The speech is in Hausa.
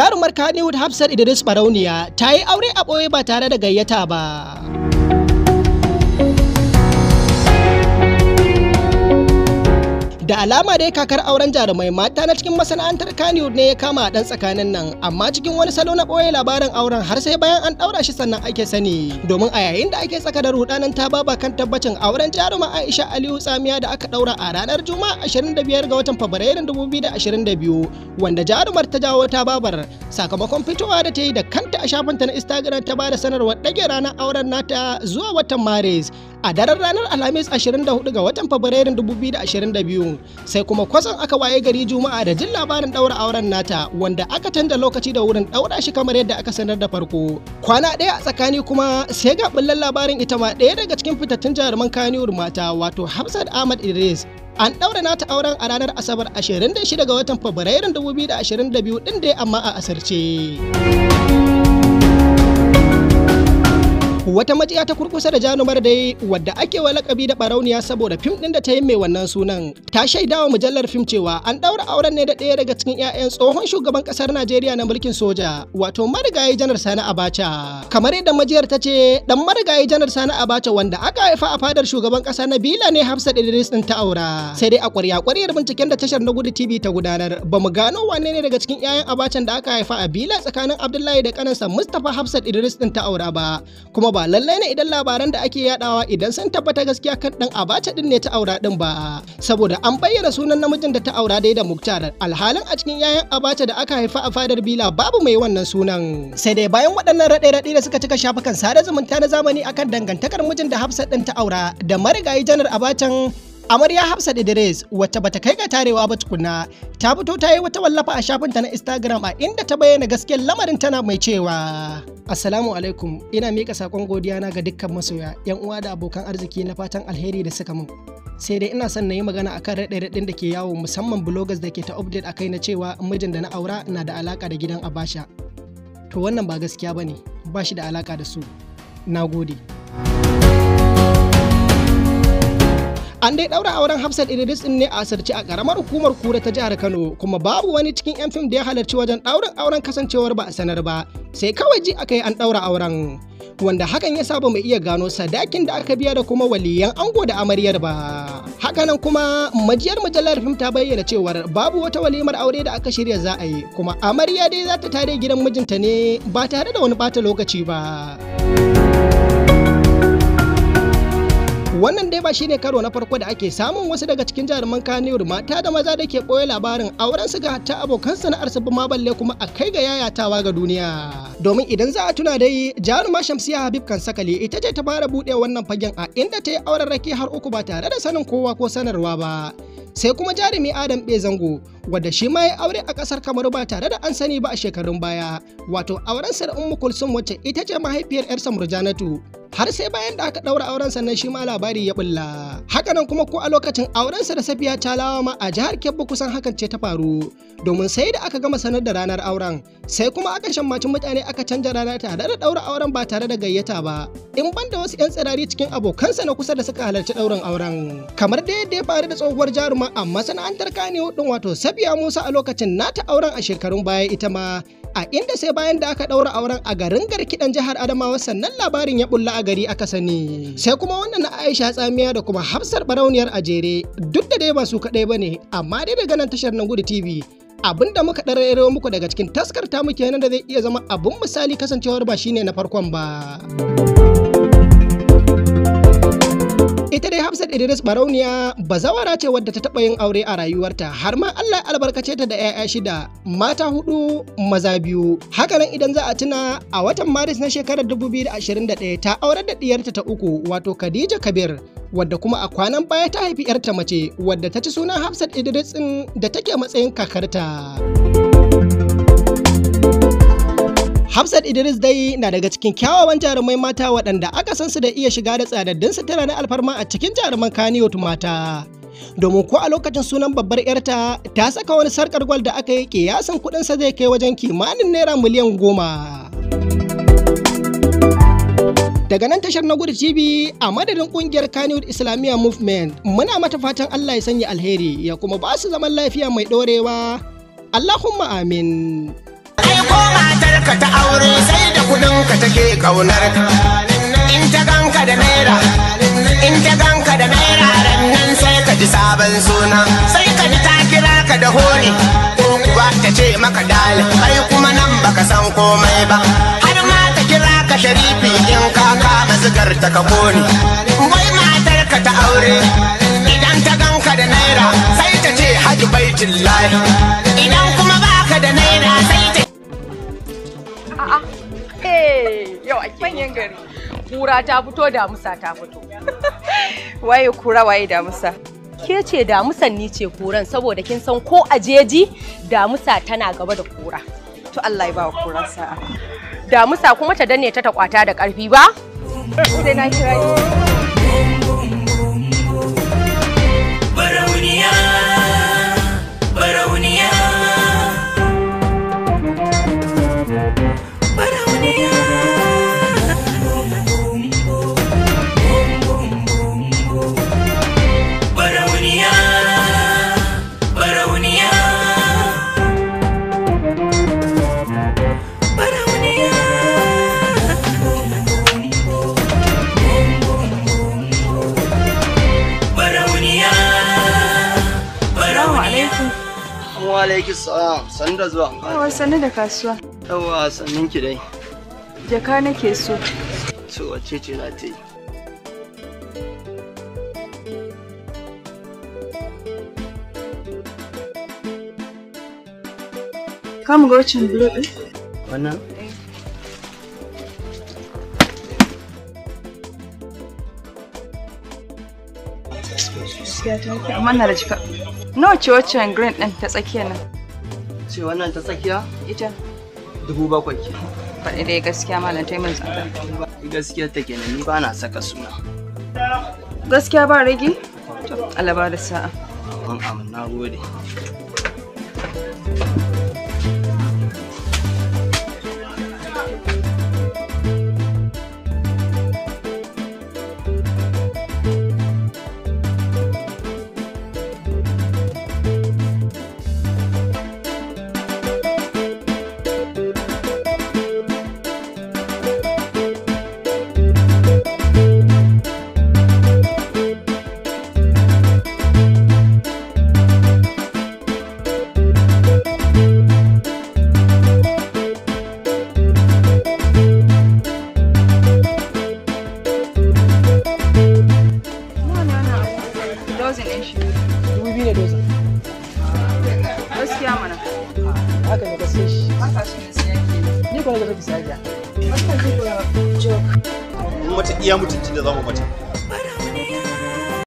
jarumar Kaniwood Hafsat Idris Barauniya ta yi aure a ɓoye ba tare da gayyata ba. da alama dai kakar auren jarumai mata na cikin masana'antar kaniwood ne ya kama dan tsakanin nan amma cikin wani salo na ɓoye labarin auren har sai bayan an ɗaura shi sannan ake sani domin a yayin da ake tsaka da rudanin ta baba kan tabbacin auren jaruma aisha aliyu tsamiya da aka ɗaura a ranar juma'a 25 ga watan fabrairun 2022 wanda jarumar ta jawo ta babar sakamakon fitowa da ta yi da kanta a shafinta na instagram ta da sanarwar ɗage ranar auren nata zuwa watan maris a daren ranar alhamis 24 ga watan fabrairun 2022 sai kuma kwatsan aka waye gari juma'a da jin labarin daura auren nata wanda aka canza lokaci da wurin daura shi kamar yadda aka sanar da farko kwana ɗaya a tsakani kuma sai ga bullan labarin ita ma ɗaya daga cikin fitattun jaruman kaniyar mata wato hafsat ahmad idris an ɗaura nata auren a ranar asabar 26 ga watan fabrairun 2022 ɗin dai amma a asarce. Wata matsiya ta kurkusa da janumar dai wadda ake wa lakabi da barauniya saboda fim ɗin da ta yi mai wannan sunan. Ta shaida wa mujallar fim cewa an ɗaura auren ne da ɗaya daga cikin 'ya'yan tsohon shugaban ƙasar Najeriya na mulkin soja wato marigayi janar Sani Abacha. Kamar yadda majiyar ta ce dan marigayi janar Sani Abacha wanda aka haifa a fadar shugaban na Bila ne Hafsat Idris din ta aura. Sai dai a ƙwarya ƙwaryar binciken da tashar na gudu TV ta gudanar ba mu gano wane ne daga cikin 'ya'yan Abacha da aka haifa a Bila tsakanin Abdullahi da kanansa Mustapha Hafsat Idris din ta aura ba. Kuma ba lallai ne idan labaran da ake yadawa idan sun tabbata gaskiya kan dan abacha din ne ta aura din ba saboda an bayyana sunan namijin da ta aura dai da muktar alhalin a cikin yayan abacha da aka haifa a fadar bila babu mai wannan sunan sai dai bayan waɗannan raɗe-raɗe da suka cika shafukan sada zumunta na zamani akan dangantakar mijin da hafsat din ta aura da marigayi janar abacan Amarya da Idris wata bata kai ga tarewa ba tukuna ta fito ta yi wata wallafa a shafinta na Instagram a inda ta bayyana gaskiyar lamarin tana mai cewa Assalamu alaikum ina mika sakon godiya na ga dukkan masoya yan uwa da abokan arziki na fatan alheri da suka mun sai dai ina son na yi magana akan raɗe-raɗin da ke yawo musamman bloggers da ke ta update akai na cewa mijin da na aura na da alaka da gidan Abasha to wannan ba gaskiya bane ba shi da alaka da su na gode. An dai ɗaura auren Hafsat Idris ne a asirce a ƙaramar hukumar Kura ta jihar Kano kuma babu wani cikin 'yan fim da ya halarci wajen ɗaurin auren kasancewar ba a sanar ba sai kawai ji aka yi an ɗaura auren wanda hakan ya saba mai iya gano sadakin da aka biya da kuma waliyan ango da amaryar ba. Hakanan kuma majiyar mujallar fim ta bayyana cewar babu wata walimar aure da aka shirya za a yi kuma amarya dai za ta tare gidan mijinta ne ba tare da wani bata lokaci ba. Wannan dai ba shine karo na farko da ake samun wasu daga cikin jaruman kaniyar mata da maza da ke ɓoye labarin auren su ga hatta abokan sana'ar su ma balle kuma a kai ga yayatawa ga duniya. Domin idan za a tuna dai jaruma Shamsiya Habib kan sakale ita ce ta fara buɗe wannan fagen a inda ta yi auren rake har uku ba tare da sanin kowa ko sanarwa ba. Sai kuma jarumi Adam Bezango wadda shi ma ya aure a kasar kamaru ba tare da an sani ba a shekarun baya wato auren sa da ummu kulsum wacce ita ce mahaifiyar yar murjanatu har sai bayan da aka daura auren sannan shi ma labari ya bulla haka nan kuma ko a lokacin auren sa da safiya ta lawa ma a jihar kebbi kusan hakan ce ta faru domin sai da aka gama sanar da ranar auren sai kuma aka shammaci mutane aka canja rana tare da ɗaura auren ba tare da gayyata ba in banda wasu 'yan tsirari cikin abokansa na kusa da suka halarci ɗaurin auren kamar da yadda ya faru da tsohuwar jaruma a masana'antar kanewa wato Safiya Musa a lokacin nata auren a shekarun baya ita ma a inda sai bayan da aka ɗaura auren a garin ɗan jihar Adamawa sannan labarin ya bulla a gari aka sani. Sai kuma wannan na Aisha Tsamiya da kuma Hafsar Barauniyar a jere duk da dai ba su kaɗai ba ne amma dai daga nan tashar nan gudu TV abin da muka ɗararrewa muku daga cikin taskar ta muke da zai iya zama abun misali kasancewar ba shine na farkon ba. Ita dai Hafsat Idris Barauniya bazawara ce wadda ta taɓa yin aure a rayuwarta har ma Allah albarkace ta da 'ya'ya shida mata hudu maza biyu. Haka nan idan za a tuna a watan Maris na shekarar 2021 ta aurar da ɗiyarta ta uku wato Khadija Kabir wadda kuma a kwanan baya ta haifi 'yarta mace wadda ta ci sunan Hafsat Idris da take matsayin kakarta. Hafsat Idris dai na daga cikin kyawawan jarumai mata waɗanda aka san su da iya shiga da tsadaddun tana na alfarma a cikin jaruman kaniyot mata. Domin ko a lokacin sunan babbar 'yarta ta saka wani sarkar gwal da aka yi kiyasan sa zai kai wajen kimanin naira miliyan goma. Daga nan tashar na gudu TV a madadin kungiyar Kannywood Islamiyya Movement muna mata fatan Allah ya sanya alheri ya kuma ba su zaman lafiya mai ɗorewa. Allahumma amin. Ai ko ta take kaunar in ta ganka da naira in ta ganka da naira nan sai ka ji sabon suna sai ka ji ta kira ka da hori ko kuwa ta ce maka dali ai kuma nan baka san komai ba har ma ta kira ka sharifi in ka kama zigar ta ka koni wai matar ka ta aure idan ta ganka da naira sai ta ce haji baitin lahi idan kuma baka da naira sai ta yau ake manyan gari kura ta fito damusa ta fito waye kura waye damusa ke ce damusan ni ce kuran saboda kin san ko a jeji damusa tana gaba da kura to Allah ya bawa kuran sa'a damusa kuma ta danne ta ta kwata da karfi ba sai na kira alaikis salam sannu da zuwa yawa sannu da kasuwa yawa sannun ki dai jaka nake so to wace ce za ta yi Kamu ga wacin blue ɗin? Wannan? Gaskiya ta ke amma na da cika. Nawa ce waccan green ɗin ta tsakiya nan? Ce wannan ta tsakiya? Ita. Dubu bakwai ke. Faɗi dai gaskiya malam ta yi min tsada. Gaskiya ta ke ni ba na saka suna. Gaskiya ba rage? Allah ba da sa'a. Ban na gode. dozin ɗin shi dubu biyu gaskiya mana haka ne shi haka shi ne ni da take mata iya mutunci da zamu mata